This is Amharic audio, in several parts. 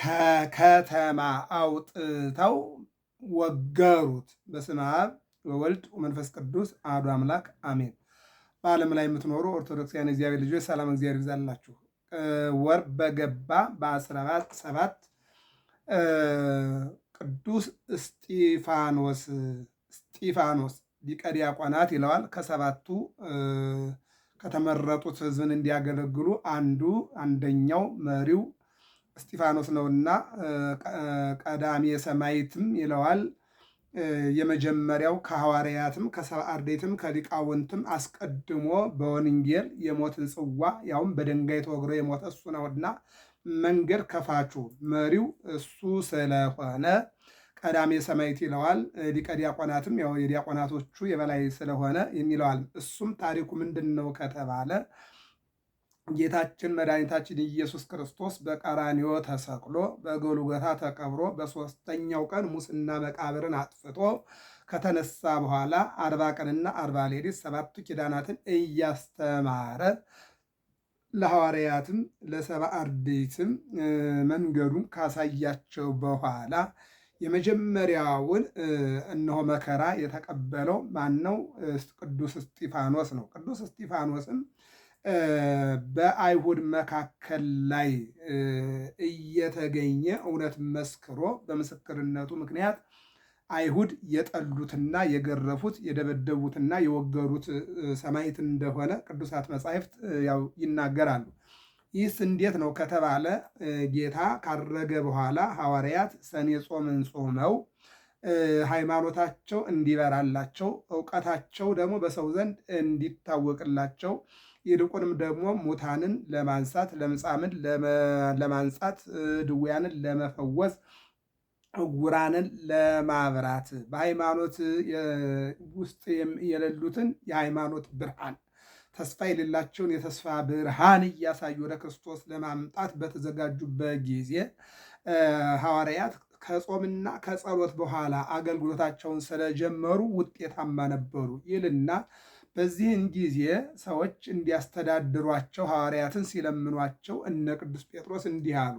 ከከተማ አውጥተው ወገሩት። በስመ አብ ወወልድ ወመንፈስ ቅዱስ አሐዱ አምላክ አሜን። በዓለም ላይ የምትኖሩ ኦርቶዶክሳውያን እግዚአብሔር ልጆች ሰላም እግዚአብሔር ይብዛላችሁ። ወር በገባ በአስራ ሰባት ቅዱስ እስጢፋኖስ እስጢፋኖስ ሊቀ ዲያቆናት ይለዋል። ከሰባቱ ከተመረጡት ህዝብን እንዲያገለግሉ አንዱ አንደኛው መሪው እስጢፋኖስ ነውና ቀዳሜ ሰማዕትም ይለዋል። የመጀመሪያው ከሐዋርያትም ከሰብዓ አርድእትም ከሊቃውንትም አስቀድሞ በወንጌል የሞትን ጽዋ ያውም በድንጋይ ተወግሮ የሞተ እሱ ነውና መንገድ ከፋቹ መሪው እሱ ስለሆነ ቀዳሜ ሰማዕት ይለዋል። ሊቀ ዲያቆናትም ያው የዲያቆናቶቹ የበላይ ስለሆነ ይለዋል። እሱም ታሪኩ ምንድን ነው ከተባለ ጌታችን መድኃኒታችን ኢየሱስ ክርስቶስ በቀራንዮ ተሰቅሎ በጎልጎታ ተቀብሮ በሶስተኛው ቀን ሙስና መቃብርን አጥፍቶ ከተነሳ በኋላ አርባ ቀንና አርባ ሌሊት ሰባቱ ኪዳናትን እያስተማረ ለሐዋርያትም ለሰባ አርድእትም መንገዱን ካሳያቸው በኋላ የመጀመሪያውን እነሆ መከራ የተቀበለው ማን ነው? ቅዱስ እስጢፋኖስ ነው። ቅዱስ እስጢፋኖስም በአይሁድ መካከል ላይ እየተገኘ እውነት መስክሮ በምስክርነቱ ምክንያት አይሁድ የጠሉትና የገረፉት የደበደቡትና የወገሩት ሰማዕት እንደሆነ ቅዱሳት መጻሕፍት ያው ይናገራሉ። ይህስ እንዴት ነው ከተባለ ጌታ ካረገ በኋላ ሐዋርያት ሰኔ ጾምን ጾመው ሃይማኖታቸው እንዲበራላቸው እውቀታቸው ደግሞ በሰው ዘንድ እንዲታወቅላቸው ይልቁንም ደግሞ ሙታንን ለማንሳት፣ ለምጻምን ለማንጻት፣ ድውያንን ለመፈወስ፣ ዕውራንን ለማብራት በሃይማኖት ውስጥ የሌሉትን የሃይማኖት ብርሃን ተስፋ የሌላቸውን የተስፋ ብርሃን እያሳዩ ወደ ክርስቶስ ለማምጣት በተዘጋጁበት ጊዜ ሐዋርያት ከጾምና ከጸሎት በኋላ አገልግሎታቸውን ስለጀመሩ ውጤታማ ነበሩ ይልና በዚህን ጊዜ ሰዎች እንዲያስተዳድሯቸው ሐዋርያትን ሲለምኗቸው እነ ቅዱስ ጴጥሮስ እንዲህ አሉ።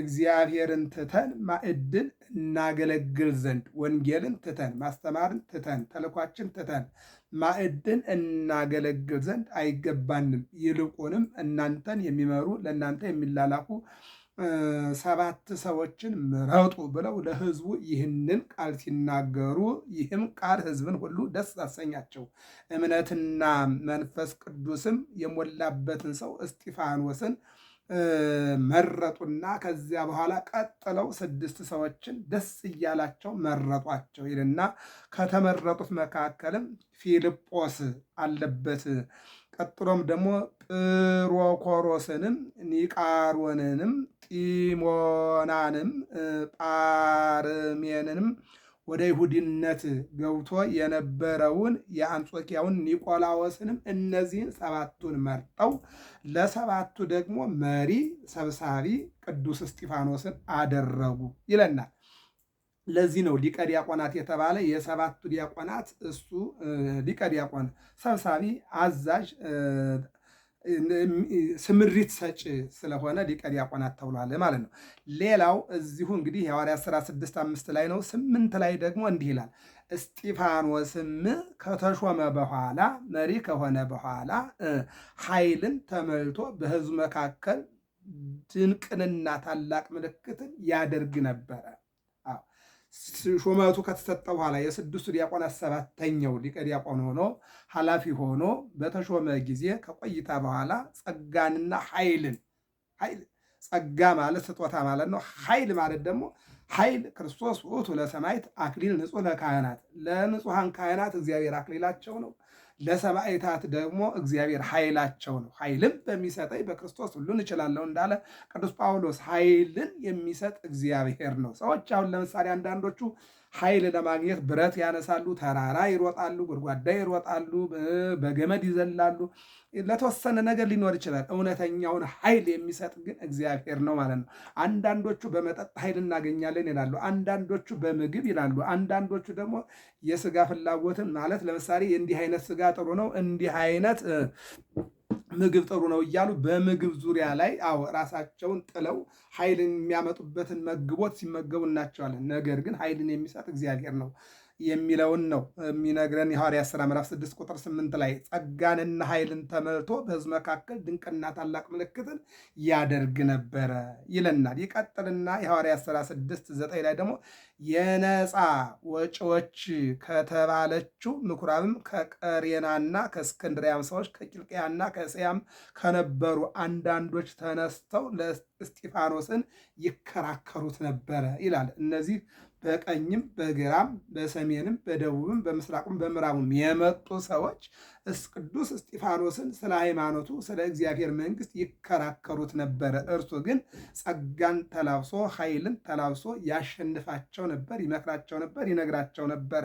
እግዚአብሔርን ትተን ማዕድን እናገለግል ዘንድ ወንጌልን ትተን ማስተማርን ትተን ተልኳችን ትተን ማዕድን እናገለግል ዘንድ አይገባንም። ይልቁንም እናንተን የሚመሩ ለእናንተ የሚላላኩ ሰባት ሰዎችን ምረጡ ብለው ለህዝቡ ይህንን ቃል ሲናገሩ ይህም ቃል ህዝብን ሁሉ ደስ አሰኛቸው። እምነትና መንፈስ ቅዱስም የሞላበትን ሰው እስጢፋኖስን መረጡና ከዚያ በኋላ ቀጥለው ስድስት ሰዎችን ደስ እያላቸው መረጧቸው ይልና ከተመረጡት መካከልም ፊልጶስ አለበት። ቀጥሎም ደግሞ ጵሮኮሮስንም ኒቃሮንንም ጢሞናንም ጳርሜንንም ወደ ይሁዲነት ገብቶ የነበረውን የአንጾኪያውን ኒቆላዎስንም እነዚህን ሰባቱን መርጠው ለሰባቱ ደግሞ መሪ ሰብሳቢ ቅዱስ እስጢፋኖስን አደረጉ ይለናል። ለዚህ ነው ሊቀ ዲያቆናት የተባለ የሰባቱ ዲያቆናት እሱ ሊቀ ዲያቆን ሰብሳቢ፣ አዛዥ፣ ስምሪት ሰጪ ስለሆነ ሊቀ ዲያቆናት ተብሏል ማለት ነው። ሌላው እዚሁ እንግዲህ የሐዋርያት ሥራ ስድስት አምስት ላይ ነው። ስምንት ላይ ደግሞ እንዲህ ይላል እስጢፋኖስም ከተሾመ በኋላ መሪ ከሆነ በኋላ ኃይልን ተመልቶ በሕዝቡ መካከል ድንቅንና ታላቅ ምልክትን ያደርግ ነበረ። ሹመቱ ከተሰጠ በኋላ የስድስቱ ዲያቆናት ሰባተኛው ሊቀ ዲያቆን ሆኖ ኃላፊ ሆኖ በተሾመ ጊዜ ከቆይታ በኋላ ጸጋንና ኃይልን ጸጋ ማለት ስጦታ ማለት ነው። ኃይል ማለት ደግሞ ኃይል ክርስቶስ ውእቱ ለሰማይት አክሊል ንጹህ ለካህናት ለንጹሐን ካህናት እግዚአብሔር አክሊላቸው ነው። ለሰማዕታት ደግሞ እግዚአብሔር ኃይላቸው ነው። ኃይልን በሚሰጠኝ በክርስቶስ ሁሉን እችላለሁ እንዳለ ቅዱስ ጳውሎስ ኃይልን የሚሰጥ እግዚአብሔር ነው። ሰዎች አሁን ለምሳሌ አንዳንዶቹ ኃይል ለማግኘት ብረት ያነሳሉ፣ ተራራ ይሮጣሉ፣ ጎድጓዳ ይሮጣሉ፣ በገመድ ይዘላሉ። ለተወሰነ ነገር ሊኖር ይችላል። እውነተኛውን ኃይል የሚሰጥ ግን እግዚአብሔር ነው ማለት ነው። አንዳንዶቹ በመጠጥ ኃይል እናገኛለን ይላሉ፣ አንዳንዶቹ በምግብ ይላሉ፣ አንዳንዶቹ ደግሞ የስጋ ፍላጎትን ማለት ለምሳሌ እንዲህ አይነት ስጋ ጥሩ ነው እንዲህ አይነት ምግብ ጥሩ ነው እያሉ በምግብ ዙሪያ ላይ አዎ ራሳቸውን ጥለው ኃይልን የሚያመጡበትን መግቦት ሲመገቡ እናቸዋለን። ነገር ግን ኃይልን የሚሰጥ እግዚአብሔር ነው። የሚለውን ነው የሚነግረን የሐዋርያት ሥራ ምዕራፍ 6 ቁጥር 8 ላይ ጸጋንና ኃይልን ተመልቶ በሕዝብ መካከል ድንቅና ታላቅ ምልክትን ያደርግ ነበረ ይለናል። ይቀጥልና የሐዋርያት ሥራ 6 9 ላይ ደግሞ የነፃ ወጪዎች ከተባለችው ምኩራብም ከቀሬናና ከእስክንድሪያም ሰዎች ከቂልቅያና ከእስያም ከነበሩ አንዳንዶች ተነስተው ለእስጢፋኖስን ይከራከሩት ነበረ ይላል። እነዚህ በቀኝም በግራም በሰሜንም በደቡብም በምስራቅም በምዕራቡም የመጡ ሰዎች ቅዱስ እስጢፋኖስን ስለ ሃይማኖቱ፣ ስለ እግዚአብሔር መንግስት ይከራከሩት ነበረ። እርሱ ግን ጸጋን ተላብሶ ኃይልን ተላብሶ ያሸንፋቸው ነበር፣ ይመክራቸው ነበር፣ ይነግራቸው ነበረ።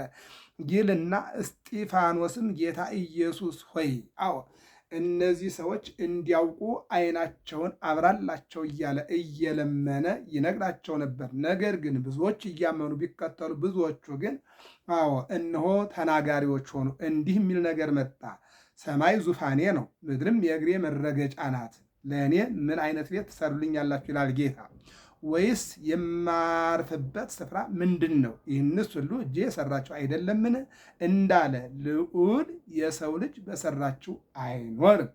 ይልና እስጢፋኖስም ጌታ ኢየሱስ ሆይ አዎ እነዚህ ሰዎች እንዲያውቁ አይናቸውን አብራላቸው እያለ እየለመነ ይነግራቸው ነበር። ነገር ግን ብዙዎች እያመኑ ቢከተሉ፣ ብዙዎቹ ግን አዎ እነሆ ተናጋሪዎች ሆኑ። እንዲህ የሚል ነገር መጣ። ሰማይ ዙፋኔ ነው፣ ምድርም የእግሬ መረገጫ ናት። ለእኔ ምን አይነት ቤት ትሰሩልኛላችሁ? ይላል ጌታ ወይስ የማርፍበት ስፍራ ምንድን ነው? ይህንስ ሁሉ እጄ የሰራችው አይደለምን እንዳለ ልዑል የሰው ልጅ በሰራችው አይኖርም።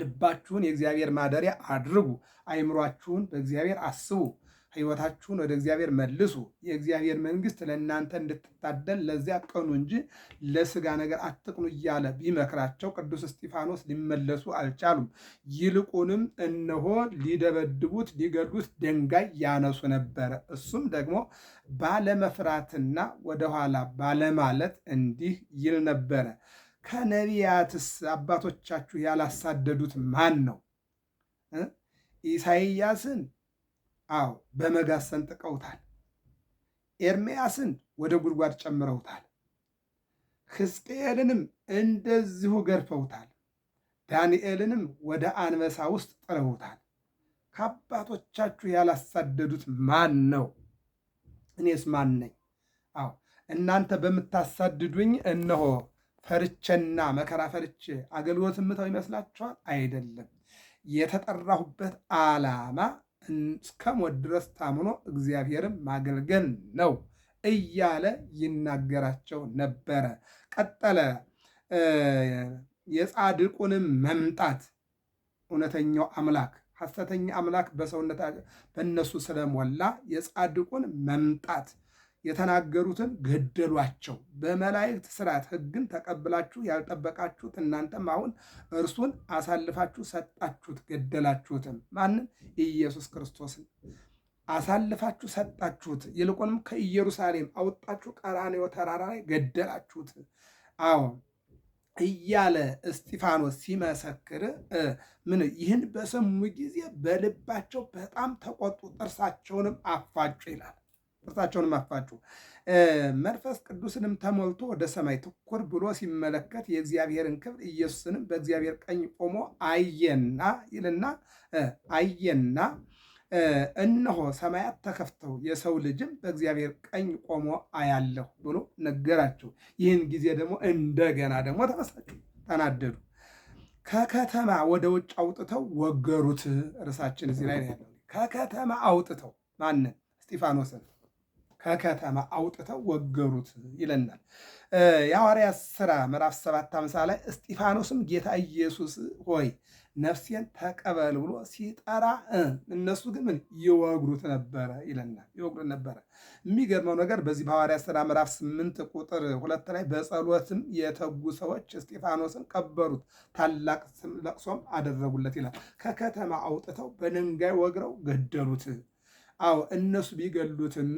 ልባችሁን የእግዚአብሔር ማደሪያ አድርጉ፣ አይምሯችሁን በእግዚአብሔር አስቡ። ሕይወታችሁን ወደ እግዚአብሔር መልሱ፣ የእግዚአብሔር መንግስት ለእናንተ እንድትታደል ለዚያ ቀኑ እንጂ ለስጋ ነገር አትቅኑ እያለ ቢመክራቸው ቅዱስ እስጢፋኖስ ሊመለሱ አልቻሉም። ይልቁንም እነሆ ሊደበድቡት፣ ሊገሉት ድንጋይ ያነሱ ነበረ። እሱም ደግሞ ባለመፍራትና ወደኋላ ባለማለት እንዲህ ይል ነበረ። ከነቢያትስ አባቶቻችሁ ያላሳደዱት ማን ነው? ኢሳይያስን አዎ በመጋዝ ሰንጥቀውታል። ኤርምያስን ወደ ጉድጓድ ጨምረውታል። ሕዝቅኤልንም እንደዚሁ ገርፈውታል። ዳንኤልንም ወደ አንበሳ ውስጥ ጥለውታል። ከአባቶቻችሁ ያላሳደዱት ማን ነው? እኔስ ማን ነኝ? አዎ እናንተ በምታሳድዱኝ እነሆ ፈርቼና መከራ ፈርቼ አገልግሎት ምተው ይመስላችኋል? አይደለም። የተጠራሁበት ዓላማ እስከሞት ድረስ ታምኖ እግዚአብሔርን ማገልገል ነው እያለ ይናገራቸው ነበረ። ቀጠለ። የጻድቁንም መምጣት እውነተኛው አምላክ ሐሰተኛ አምላክ በሰውነት በእነሱ ስለሞላ የጻድቁን መምጣት የተናገሩትን ገደሏቸው። በመላእክት ስርዓት ሕግን ተቀብላችሁ ያልጠበቃችሁት እናንተም አሁን እርሱን አሳልፋችሁ ሰጣችሁት፣ ገደላችሁትም። ማንም ኢየሱስ ክርስቶስን አሳልፋችሁ ሰጣችሁት፣ ይልቁንም ከኢየሩሳሌም አውጣችሁ ቀራንዮ ተራራ ላይ ገደላችሁት። አዎ እያለ እስጢፋኖስ ሲመሰክር ምን ይህን በሰሙ ጊዜ በልባቸው በጣም ተቆጡ፣ ጥርሳቸውንም አፋጩ ይላል። ጥርሳቸውን አፋጩ። መንፈስ ቅዱስንም ተሞልቶ ወደ ሰማይ ትኩር ብሎ ሲመለከት የእግዚአብሔርን ክብር ኢየሱስንም በእግዚአብሔር ቀኝ ቆሞ አየና ይልና አየና እነሆ ሰማያት ተከፍተው የሰው ልጅም በእግዚአብሔር ቀኝ ቆሞ አያለሁ ብሎ ነገራቸው። ይህን ጊዜ ደግሞ እንደገና ደግሞ ተበሳጩ፣ ተናደዱ። ከከተማ ወደ ውጭ አውጥተው ወገሩት። ርዕሳችን እዚህ ላይ ነው ያለው። ከከተማ አውጥተው ማንን? እስጢፋኖስን ከከተማ አውጥተው ወገሩት ይለናል። የሐዋርያ ሥራ ምዕራፍ ሰባት አምሳ ላይ እስጢፋኖስም ጌታ ኢየሱስ ሆይ ነፍሴን ተቀበል ብሎ ሲጠራ እነሱ ግን ምን ይወግሩት ነበረ ይለናል። ይወግሩት ነበረ። የሚገርመው ነገር በዚህ በሐዋርያ ሥራ ምዕራፍ ስምንት ቁጥር ሁለት ላይ በጸሎትም የተጉ ሰዎች እስጢፋኖስን ቀበሩት፣ ታላቅ ለቅሶም አደረጉለት ይላል። ከከተማ አውጥተው በድንጋይ ወግረው ገደሉት። አዎ እነሱ ቢገሉትም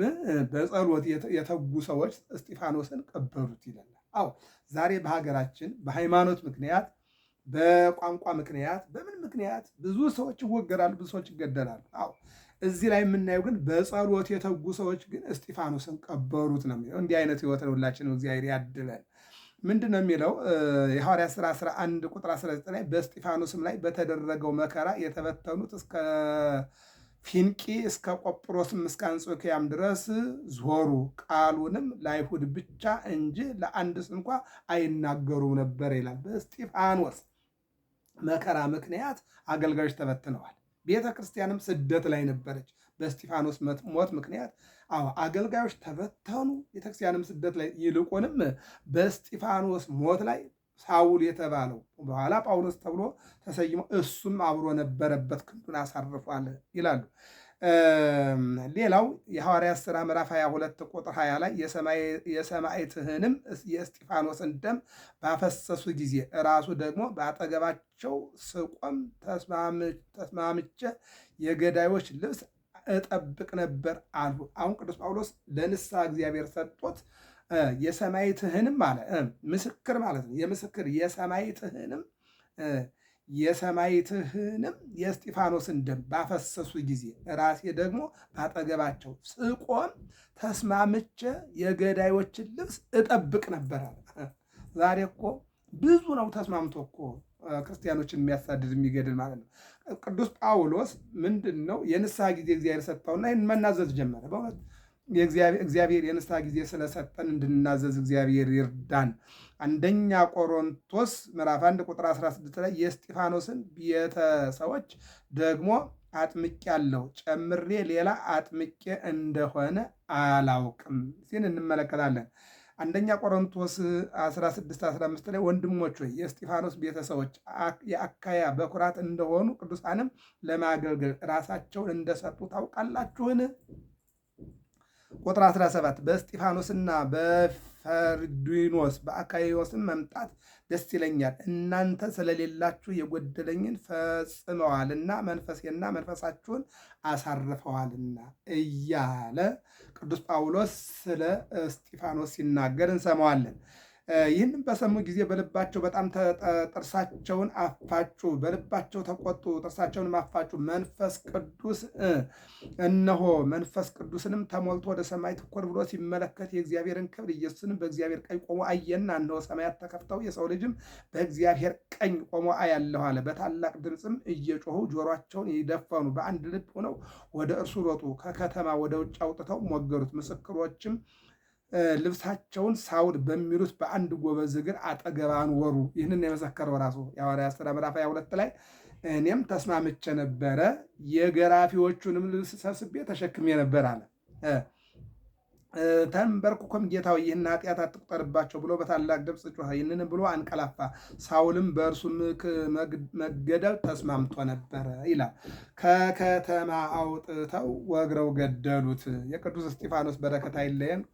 በጸሎት የተጉ ሰዎች እስጢፋኖስን ቀበሩት ይላል። አዎ ዛሬ በሀገራችን በሃይማኖት ምክንያት፣ በቋንቋ ምክንያት፣ በምን ምክንያት ብዙ ሰዎች ይወገራሉ፣ ብዙ ሰዎች ይገደላሉ። አዎ እዚህ ላይ የምናየው ግን በጸሎት የተጉ ሰዎች ግን እስጢፋኖስን ቀበሩት ነው የሚለው። እንዲህ አይነት ህይወት ለሁላችንም እግዚአብሔር ያድለን። ምንድን ነው የሚለው የሐዋርያት ሥራ 11 ቁጥር 19 ላይ በእስጢፋኖስም ላይ በተደረገው መከራ የተበተኑት እስከ ፊንቂ እስከ ቆጵሮስም እስከ አንጾኪያም ድረስ ዞሩ። ቃሉንም ለአይሁድ ብቻ እንጂ ለአንድስ እንኳ አይናገሩም ነበር ይላል። በእስጢፋኖስ መከራ ምክንያት አገልጋዮች ተበትነዋል። ቤተ ክርስቲያንም ስደት ላይ ነበረች። በእስጢፋኖስ ሞት ምክንያት አዎ አገልጋዮች ተበተኑ፣ ቤተክርስቲያንም ስደት ላይ ይልቁንም በእስጢፋኖስ ሞት ላይ ሳውል የተባለው በኋላ ጳውሎስ ተብሎ ተሰይሞ እሱም አብሮ ነበረበት፣ ክንዱን አሳርፏል ይላሉ። ሌላው የሐዋርያት ሥራ ምዕራፍ 22 ቁጥር 20 ላይ የሰማዕትህንም የእስጢፋኖስን ደም ባፈሰሱ ጊዜ ራሱ ደግሞ በአጠገባቸው ስቆም ተስማምቼ የገዳዮች ልብስ እጠብቅ ነበር አሉ። አሁን ቅዱስ ጳውሎስ ለንስሐ እግዚአብሔር ሰጥቶት የሰማይትህንም አለ ምስክር ማለት ነው። የምስክር የሰማይትህንም የሰማይትህንም የእስጢፋኖስን ደም ባፈሰሱ ጊዜ ራሴ ደግሞ ባጠገባቸው ስቆም ተስማምቼ የገዳዮችን ልብስ እጠብቅ ነበረ። ዛሬ እኮ ብዙ ነው ተስማምቶ እኮ ክርስቲያኖችን የሚያሳድድ የሚገድል ማለት ነው። ቅዱስ ጳውሎስ ምንድን ነው የንስሐ ጊዜ እግዚአብሔር ሰጠውና ይህን መናዘዝ ጀመረ በእውነት እግዚአብሔር የንስሐ ጊዜ ስለሰጠን እንድናዘዝ እግዚአብሔር ይርዳን። አንደኛ ቆሮንቶስ ምዕራፍ 1 ቁጥር 16 ላይ የእስጢፋኖስን ቤተሰቦች ደግሞ አጥምቄ ያለው ጨምሬ ሌላ አጥምቄ እንደሆነ አላውቅም ሲል እንመለከታለን። አንደኛ ቆሮንቶስ 16 15 ላይ ወንድሞች ሆይ የእስጢፋኖስ ቤተሰቦች የአካያ በኩራት እንደሆኑ ቅዱሳንም ለማገልገል ራሳቸውን እንደሰጡ ታውቃላችሁን? ቁጥር 17 በእስጢፋኖስና በፈርዲኖስ በአካይዎስም መምጣት ደስ ይለኛል። እናንተ ስለሌላችሁ የጎደለኝን ፈጽመዋልና መንፈሴና መንፈሳችሁን አሳርፈዋልና እያለ ቅዱስ ጳውሎስ ስለ እስጢፋኖስ ሲናገር እንሰማዋለን። ይህንም በሰሙ ጊዜ በልባቸው በጣም ጥርሳቸውን አፋጩ፣ በልባቸው ተቆጡ፣ ጥርሳቸውን አፋጩ። መንፈስ ቅዱስ እነሆ መንፈስ ቅዱስንም ተሞልቶ ወደ ሰማይ ትኩር ብሎ ሲመለከት የእግዚአብሔርን ክብር ኢየሱስንም በእግዚአብሔር ቀኝ ቆሞ አየና፣ እነሆ ሰማያት ተከፍተው የሰው ልጅም በእግዚአብሔር ቀኝ ቆሞ አያለሁ አለ። በታላቅ ድምፅም እየጮሁ ጆሯቸውን ይደፈኑ፣ በአንድ ልብ ሆነው ወደ እርሱ ሮጡ፣ ከከተማ ወደ ውጭ አውጥተው ሞገሩት። ምስክሮችም ልብሳቸውን ሳውል በሚሉት በአንድ ጎበዝ እግር አጠገብ አንወሩ። ይህንን የመሰከረው ራሱ የሐዋርያት ሥራ ምዕራፍ 22 ላይ እኔም ተስማምቼ ነበረ፣ የገራፊዎቹንም ልብስ ሰብስቤ ተሸክሜ ነበር አለ። ተንበርኩኮም ጌታዊ ይህን ኃጢአት አትቁጠርባቸው ብሎ በታላቅ ድምፅ ጮኸ። ይህንን ብሎ አንቀላፋ። ሳውልም በእርሱ መገደል ተስማምቶ ነበረ ይላል። ከከተማ አውጥተው ወግረው ገደሉት። የቅዱስ እስጢፋኖስ በረከት አይለየን።